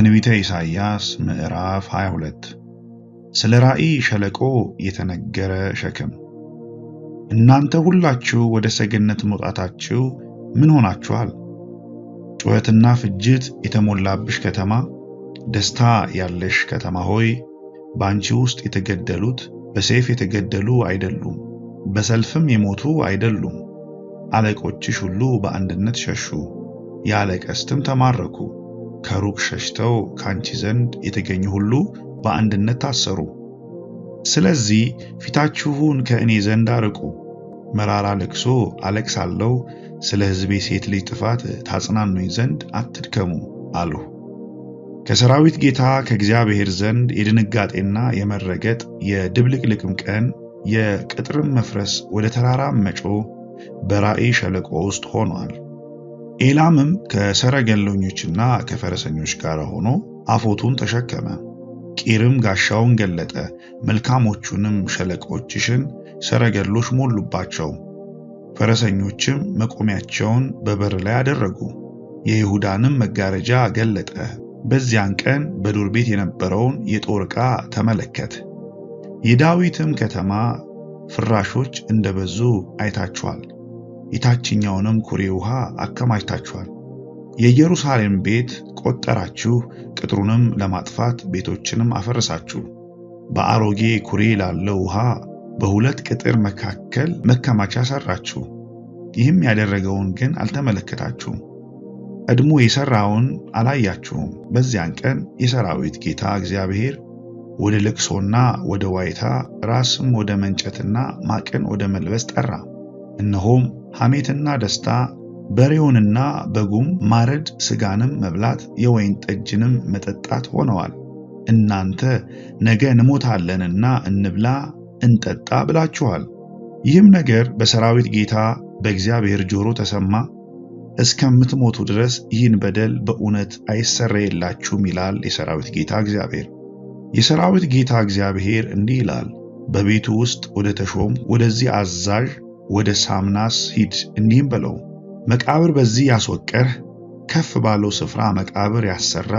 ትንቢተ ኢሳይያስ ምዕራፍ 22 ስለ ራእይ ሸለቆ የተነገረ ሸክም። እናንተ ሁላችሁ ወደ ሰገነት መውጣታችሁ ምን ሆናችኋል? ጩኸትና ፍጅት የተሞላብሽ ከተማ፣ ደስታ ያለሽ ከተማ ሆይ በአንቺ ውስጥ የተገደሉት በሰይፍ የተገደሉ አይደሉም፣ በሰልፍም የሞቱ አይደሉም። አለቆችሽ ሁሉ በአንድነት ሸሹ፣ ያለ ቀስትም ተማረኩ። ከሩቅ ሸሽተው ካንቺ ዘንድ የተገኙ ሁሉ በአንድነት ታሰሩ። ስለዚህ ፊታችሁን ከእኔ ዘንድ አርቁ። መራራ ልቅሶ አለቅሳለሁ፣ ስለ ሕዝቤ ሴት ልጅ ጥፋት ታጽናኑኝ ዘንድ አትድከሙ አሉ። ከሰራዊት ጌታ ከእግዚአብሔር ዘንድ የድንጋጤና የመረገጥ የድብልቅልቅም ቀን የቅጥርም መፍረስ ወደ ተራራም መጮ በራእይ ሸለቆ ውስጥ ሆኗል። ኤላምም ከሰረገለኞችና ከፈረሰኞች ጋር ሆኖ አፎቱን ተሸከመ። ቂርም ጋሻውን ገለጠ። መልካሞቹንም ሸለቆችሽን ሰረገሎች ሞሉባቸው። ፈረሰኞችም መቆሚያቸውን በበር ላይ አደረጉ። የይሁዳንም መጋረጃ ገለጠ። በዚያን ቀን በዱር ቤት የነበረውን የጦር ዕቃ ተመለከት። የዳዊትም ከተማ ፍራሾች እንደበዙ አይታችኋል። የታችኛውንም ኩሬ ውሃ አከማችታችኋል። የኢየሩሳሌም ቤት ቆጠራችሁ፣ ቅጥሩንም ለማጥፋት ቤቶችንም አፈረሳችሁ። በአሮጌ ኩሬ ላለው ውሃ በሁለት ቅጥር መካከል መከማቻ ሰራችሁ። ይህም ያደረገውን ግን አልተመለከታችሁም፣ ቀድሞ የሰራውን አላያችሁም። በዚያን ቀን የሰራዊት ጌታ እግዚአብሔር ወደ ልቅሶና ወደ ዋይታ ራስም ወደ መንጨትና ማቅን ወደ መልበስ ጠራ። እነሆም ሐሜትና ደስታ፣ በሬውንና በጉም ማረድ፣ ስጋንም መብላት፣ የወይን ጠጅንም መጠጣት ሆነዋል። እናንተ ነገ እንሞታለንና እንብላ እንጠጣ ብላችኋል። ይህም ነገር በሰራዊት ጌታ በእግዚአብሔር ጆሮ ተሰማ። እስከምትሞቱ ድረስ ይህን በደል በእውነት አይሰረየላችሁም ይላል የሰራዊት ጌታ እግዚአብሔር። የሰራዊት ጌታ እግዚአብሔር እንዲህ ይላል፣ በቤቱ ውስጥ ወደ ተሾም ወደዚህ አዛዥ ወደ ሳምናስ ሂድ እንዲህም በለው፣ መቃብር በዚህ ያስወቀርህ ከፍ ባለው ስፍራ መቃብር ያሰራ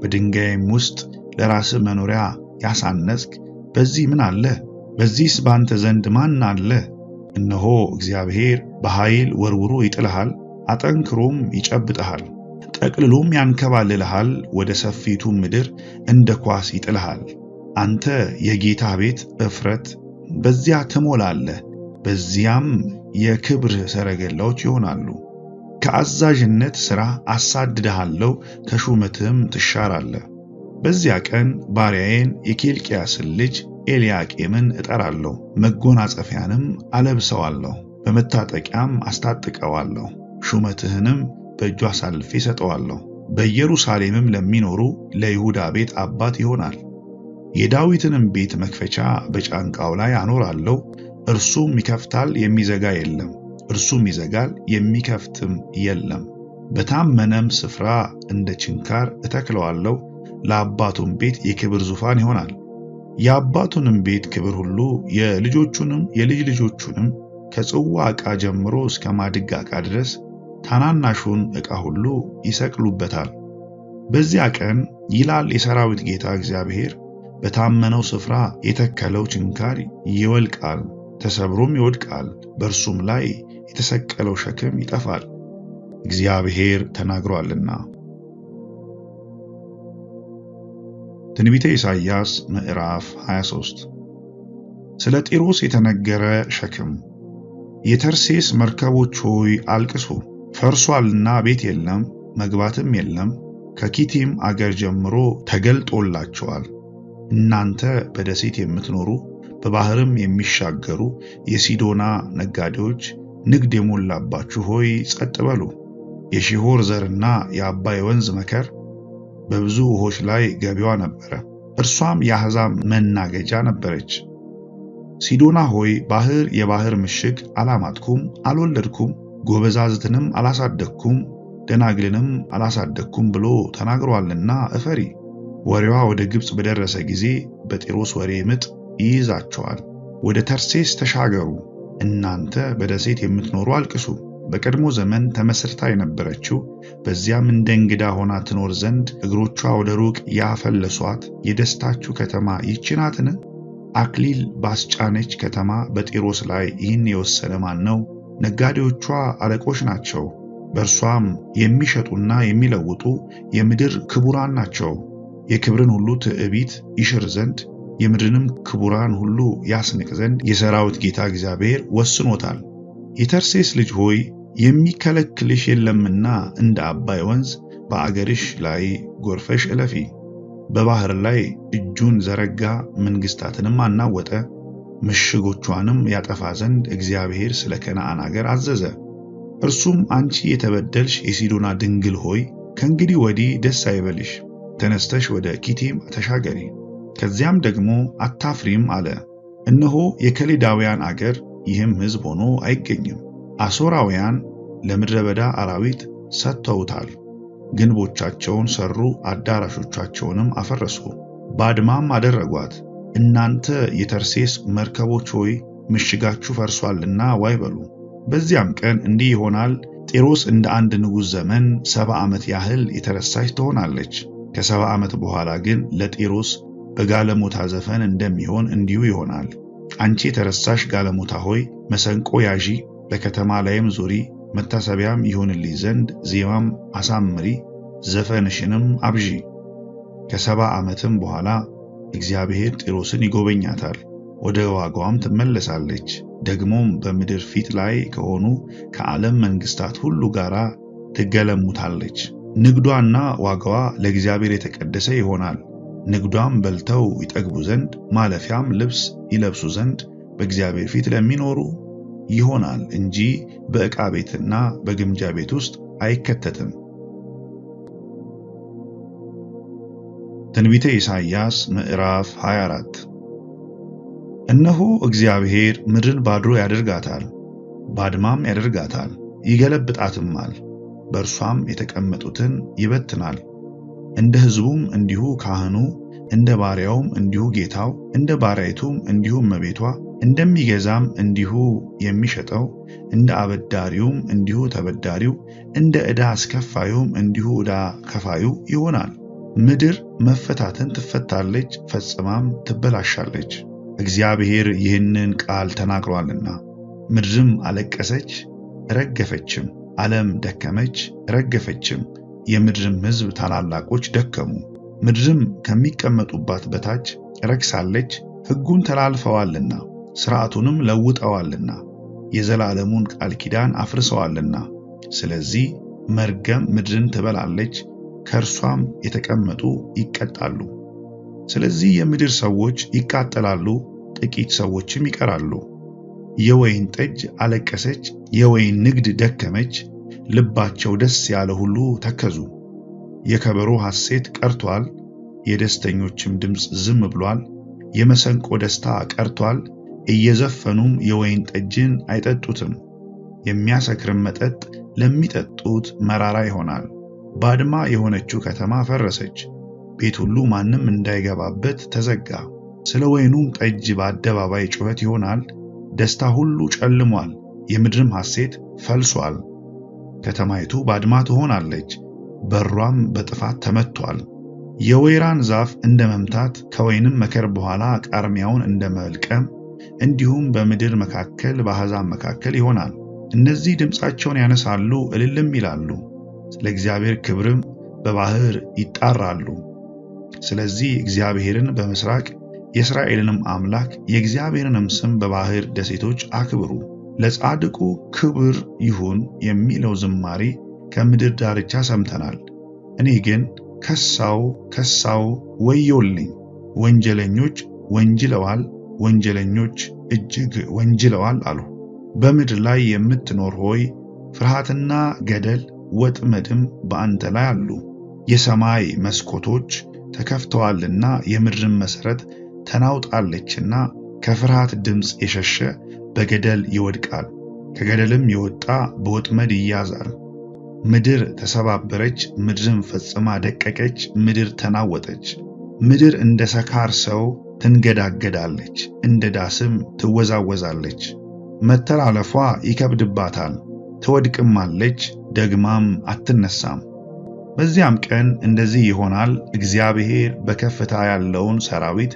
በድንጋይም ውስጥ ለራስህ መኖሪያ ያሳነጽክ በዚህ ምን አለ? በዚህስ ባንተ ዘንድ ማን አለ? እነሆ እግዚአብሔር በኃይል ወርውሮ ይጥልሃል፣ አጠንክሮም ይጨብጥሃል፣ ጠቅልሎም ያንከባልልሃል፣ ወደ ሰፊቱ ምድር እንደ ኳስ ይጥልሃል። አንተ የጌታ ቤት እፍረት በዚያ ትሞላለህ። በዚያም የክብር ሰረገላዎች ይሆናሉ። ከአዛዥነት ሥራ አሳድድሃለሁ፣ ከሹመትም ትሻራለህ። በዚያ ቀን ባሪያዬን የኬልቅያስን ልጅ ኤልያቄምን እጠራለሁ፣ መጎናጸፊያንም አለብሰዋለሁ፣ በመታጠቂያም አስታጥቀዋለሁ፣ ሹመትህንም በእጁ አሳልፌ ሰጠዋለሁ በኢየሩሳሌምም ለሚኖሩ ለይሁዳ ቤት አባት ይሆናል። የዳዊትንም ቤት መክፈቻ በጫንቃው ላይ አኖራለሁ፣ እርሱም ይከፍታል የሚዘጋ የለም፣ እርሱም ይዘጋል የሚከፍትም የለም። በታመነም ስፍራ እንደ ችንካር እተክለዋለሁ፣ ለአባቱም ቤት የክብር ዙፋን ይሆናል። የአባቱንም ቤት ክብር ሁሉ የልጆቹንም የልጅ ልጆቹንም ከጽዋ ዕቃ ጀምሮ እስከ ማድጋ ዕቃ ድረስ ታናናሹን ዕቃ ሁሉ ይሰቅሉበታል። በዚያ ቀን ይላል የሰራዊት ጌታ እግዚአብሔር፣ በታመነው ስፍራ የተከለው ችንካር ይወልቃል ተሰብሮም ይወድቃል፣ በእርሱም ላይ የተሰቀለው ሸክም ይጠፋል፣ እግዚአብሔር ተናግሯልና። ትንቢተ ኢሳይያስ ምዕራፍ 23 ስለ ጢሮስ የተነገረ ሸክም። የተርሴስ መርከቦች ሆይ አልቅሱ፣ ፈርሷልና ቤት የለም መግባትም የለም፣ ከኪቲም አገር ጀምሮ ተገልጦላቸዋል። እናንተ በደሴት የምትኖሩ በባህርም የሚሻገሩ የሲዶና ነጋዴዎች ንግድ የሞላባችሁ ሆይ ጸጥ በሉ። የሺሆር ዘርና የአባይ ወንዝ መከር በብዙ ውሆች ላይ ገቢዋ ነበረ። እርሷም የአሕዛብ መናገጃ ነበረች። ሲዶና ሆይ ባህር የባህር ምሽግ አላማጥኩም፣ አልወለድኩም፣ ጎበዛዝትንም አላሳደግኩም፣ ደናግልንም አላሳደግኩም ብሎ ተናግሯልና እፈሪ። ወሬዋ ወደ ግብፅ በደረሰ ጊዜ በጢሮስ ወሬ ምጥ ይይዛቸዋል። ወደ ተርሴስ ተሻገሩ፣ እናንተ በደሴት የምትኖሩ አልቅሱ። በቀድሞ ዘመን ተመስርታ የነበረችው በዚያም እንደ እንግዳ ሆና ትኖር ዘንድ እግሮቿ ወደ ሩቅ ያፈለሷት የደስታችሁ ከተማ ይህች ናትን? አክሊል ባስጫነች ከተማ በጢሮስ ላይ ይህን የወሰነ ማን ነው? ነጋዴዎቿ አለቆች ናቸው። በእርሷም የሚሸጡና የሚለውጡ የምድር ክቡራን ናቸው። የክብርን ሁሉ ትዕቢት ይሽር ዘንድ የምድርንም ክቡራን ሁሉ ያስንቅ ዘንድ የሰራዊት ጌታ እግዚአብሔር ወስኖታል። የተርሴስ ልጅ ሆይ የሚከለክልሽ የለምና እንደ አባይ ወንዝ በአገርሽ ላይ ጎርፈሽ እለፊ። በባህር ላይ እጁን ዘረጋ፣ መንግስታትንም አናወጠ። ምሽጎቿንም ያጠፋ ዘንድ እግዚአብሔር ስለ ከነዓን አገር አዘዘ። እርሱም አንቺ የተበደልሽ የሲዶና ድንግል ሆይ ከእንግዲህ ወዲህ ደስ አይበልሽ፣ ተነስተሽ ወደ ኪቲም ተሻገሪ ከዚያም ደግሞ አታፍሪም አለ። እነሆ የከሊዳውያን አገር ይህም ሕዝብ ሆኖ አይገኝም። አሦራውያን ለምድረ በዳ አራዊት ሰጥተውታል። ግንቦቻቸውን ሰሩ፣ አዳራሾቻቸውንም አፈረሱ፣ ባድማም አደረጓት። እናንተ የተርሴስ መርከቦች ሆይ ምሽጋችሁ ፈርሷልና ዋይ በሉ። በዚያም ቀን እንዲህ ይሆናል፣ ጢሮስ እንደ አንድ ንጉሥ ዘመን ሰባ ዓመት ያህል የተረሳች ትሆናለች። ከሰባ ዓመት በኋላ ግን ለጢሮስ በጋለሞታ ዘፈን እንደሚሆን እንዲሁ ይሆናል። አንቺ የተረሳሽ ጋለሞታ ሆይ መሰንቆ ያዢ፣ በከተማ ላይም ዙሪ፣ መታሰቢያም ይሆንልሽ ዘንድ ዜማም አሳምሪ፣ ዘፈንሽንም አብዢ። ከሰባ ዓመትም በኋላ እግዚአብሔር ጢሮስን ይጎበኛታል፣ ወደ ዋጋዋም ትመለሳለች። ደግሞም በምድር ፊት ላይ ከሆኑ ከዓለም መንግስታት ሁሉ ጋር ትገለሙታለች። ንግዷና ዋጋዋ ለእግዚአብሔር የተቀደሰ ይሆናል። ንግዷም በልተው ይጠግቡ ዘንድ ማለፊያም ልብስ ይለብሱ ዘንድ በእግዚአብሔር ፊት ለሚኖሩ ይሆናል እንጂ በዕቃ ቤትና በግምጃ ቤት ውስጥ አይከተትም። ትንቢተ ኢሳይያስ ምዕራፍ 24 እነሆ እግዚአብሔር ምድርን ባድሮ ያደርጋታል፣ ባድማም ያደርጋታል፣ ይገለብጣትማል፣ በእርሷም የተቀመጡትን ይበትናል እንደ ሕዝቡም እንዲሁ ካህኑ፣ እንደ ባሪያውም እንዲሁ ጌታው፣ እንደ ባሪያይቱም እንዲሁ እመቤቷ፣ እንደሚገዛም እንዲሁ የሚሸጠው፣ እንደ አበዳሪውም እንዲሁ ተበዳሪው፣ እንደ ዕዳ አስከፋዩም እንዲሁ ዕዳ ከፋዩ ይሆናል። ምድር መፈታትን ትፈታለች፣ ፈጽማም ትበላሻለች፣ እግዚአብሔር ይህንን ቃል ተናግሯልና። ምድርም አለቀሰች ረገፈችም፣ ዓለም ደከመች ረገፈችም። የምድርም ሕዝብ ታላላቆች ደከሙ፣ ምድርም ከሚቀመጡባት በታች ረክሳለች፣ ሕጉን ተላልፈዋልና ሥርዓቱንም ለውጠዋልና የዘላለሙን ቃል ኪዳን አፍርሰዋልና። ስለዚህ መርገም ምድርን ትበላለች፣ ከእርሷም የተቀመጡ ይቀጣሉ። ስለዚህ የምድር ሰዎች ይቃጠላሉ፣ ጥቂት ሰዎችም ይቀራሉ። የወይን ጠጅ አለቀሰች፣ የወይን ንግድ ደከመች፣ ልባቸው ደስ ያለ ሁሉ ተከዙ። የከበሮ ሐሴት ቀርቷል፣ የደስተኞችም ድምፅ ዝም ብሏል። የመሰንቆ ደስታ ቀርቷል፣ እየዘፈኑም የወይን ጠጅን አይጠጡትም። የሚያሰክርም መጠጥ ለሚጠጡት መራራ ይሆናል። ባድማ የሆነችው ከተማ ፈረሰች፣ ቤት ሁሉ ማንም እንዳይገባበት ተዘጋ። ስለ ወይኑም ጠጅ በአደባባይ ጩኸት ይሆናል። ደስታ ሁሉ ጨልሟል፣ የምድርም ሐሴት ፈልሷል። ከተማይቱ ባድማ ትሆናለች፣ በሯም በጥፋት ተመቷል። የወይራን ዛፍ እንደ መምታት ከወይንም መከር በኋላ ቃርሚያውን እንደ መልቀም እንዲሁም በምድር መካከል በአሕዛብ መካከል ይሆናል። እነዚህ ድምፃቸውን ያነሳሉ፣ እልልም ይላሉ፣ ስለ እግዚአብሔር ክብርም በባህር ይጣራሉ። ስለዚህ እግዚአብሔርን በምሥራቅ የእስራኤልንም አምላክ የእግዚአብሔርንም ስም በባህር ደሴቶች አክብሩ። ለጻድቁ ክብር ይሁን የሚለው ዝማሬ ከምድር ዳርቻ ሰምተናል። እኔ ግን ከሳው ከሳው፣ ወዮልኝ! ወንጀለኞች ወንጅለዋል፣ ወንጀለኞች እጅግ ወንጅለዋል አሉ። በምድር ላይ የምትኖር ሆይ ፍርሃትና ገደል ወጥመድም በአንተ ላይ አሉ። የሰማይ መስኮቶች ተከፍተዋልና የምድርን መሠረት ተናውጣለችና ከፍርሃት ድምፅ የሸሸ በገደል ይወድቃል፣ ከገደልም የወጣ በወጥመድ ይያዛል። ምድር ተሰባበረች፣ ምድርም ፈጽማ ደቀቀች፣ ምድር ተናወጠች። ምድር እንደ ሰካር ሰው ትንገዳገዳለች፣ እንደ ዳስም ትወዛወዛለች። መተላለፏ ይከብድባታል፣ ትወድቅማለች፣ ደግማም አትነሳም። በዚያም ቀን እንደዚህ ይሆናል፣ እግዚአብሔር በከፍታ ያለውን ሰራዊት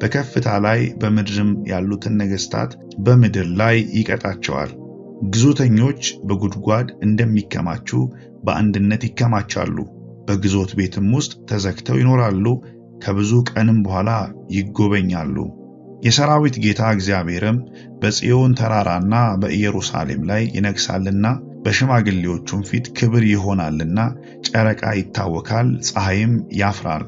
በከፍታ ላይ በምድርም ያሉትን ነገሥታት በምድር ላይ ይቀጣቸዋል። ግዞተኞች በጉድጓድ እንደሚከማቹ በአንድነት ይከማቻሉ፣ በግዞት ቤትም ውስጥ ተዘግተው ይኖራሉ። ከብዙ ቀንም በኋላ ይጎበኛሉ። የሰራዊት ጌታ እግዚአብሔርም በጽዮን ተራራና በኢየሩሳሌም ላይ ይነግሳልና በሽማግሌዎቹም ፊት ክብር ይሆናልና፣ ጨረቃ ይታወካል፣ ፀሐይም ያፍራል።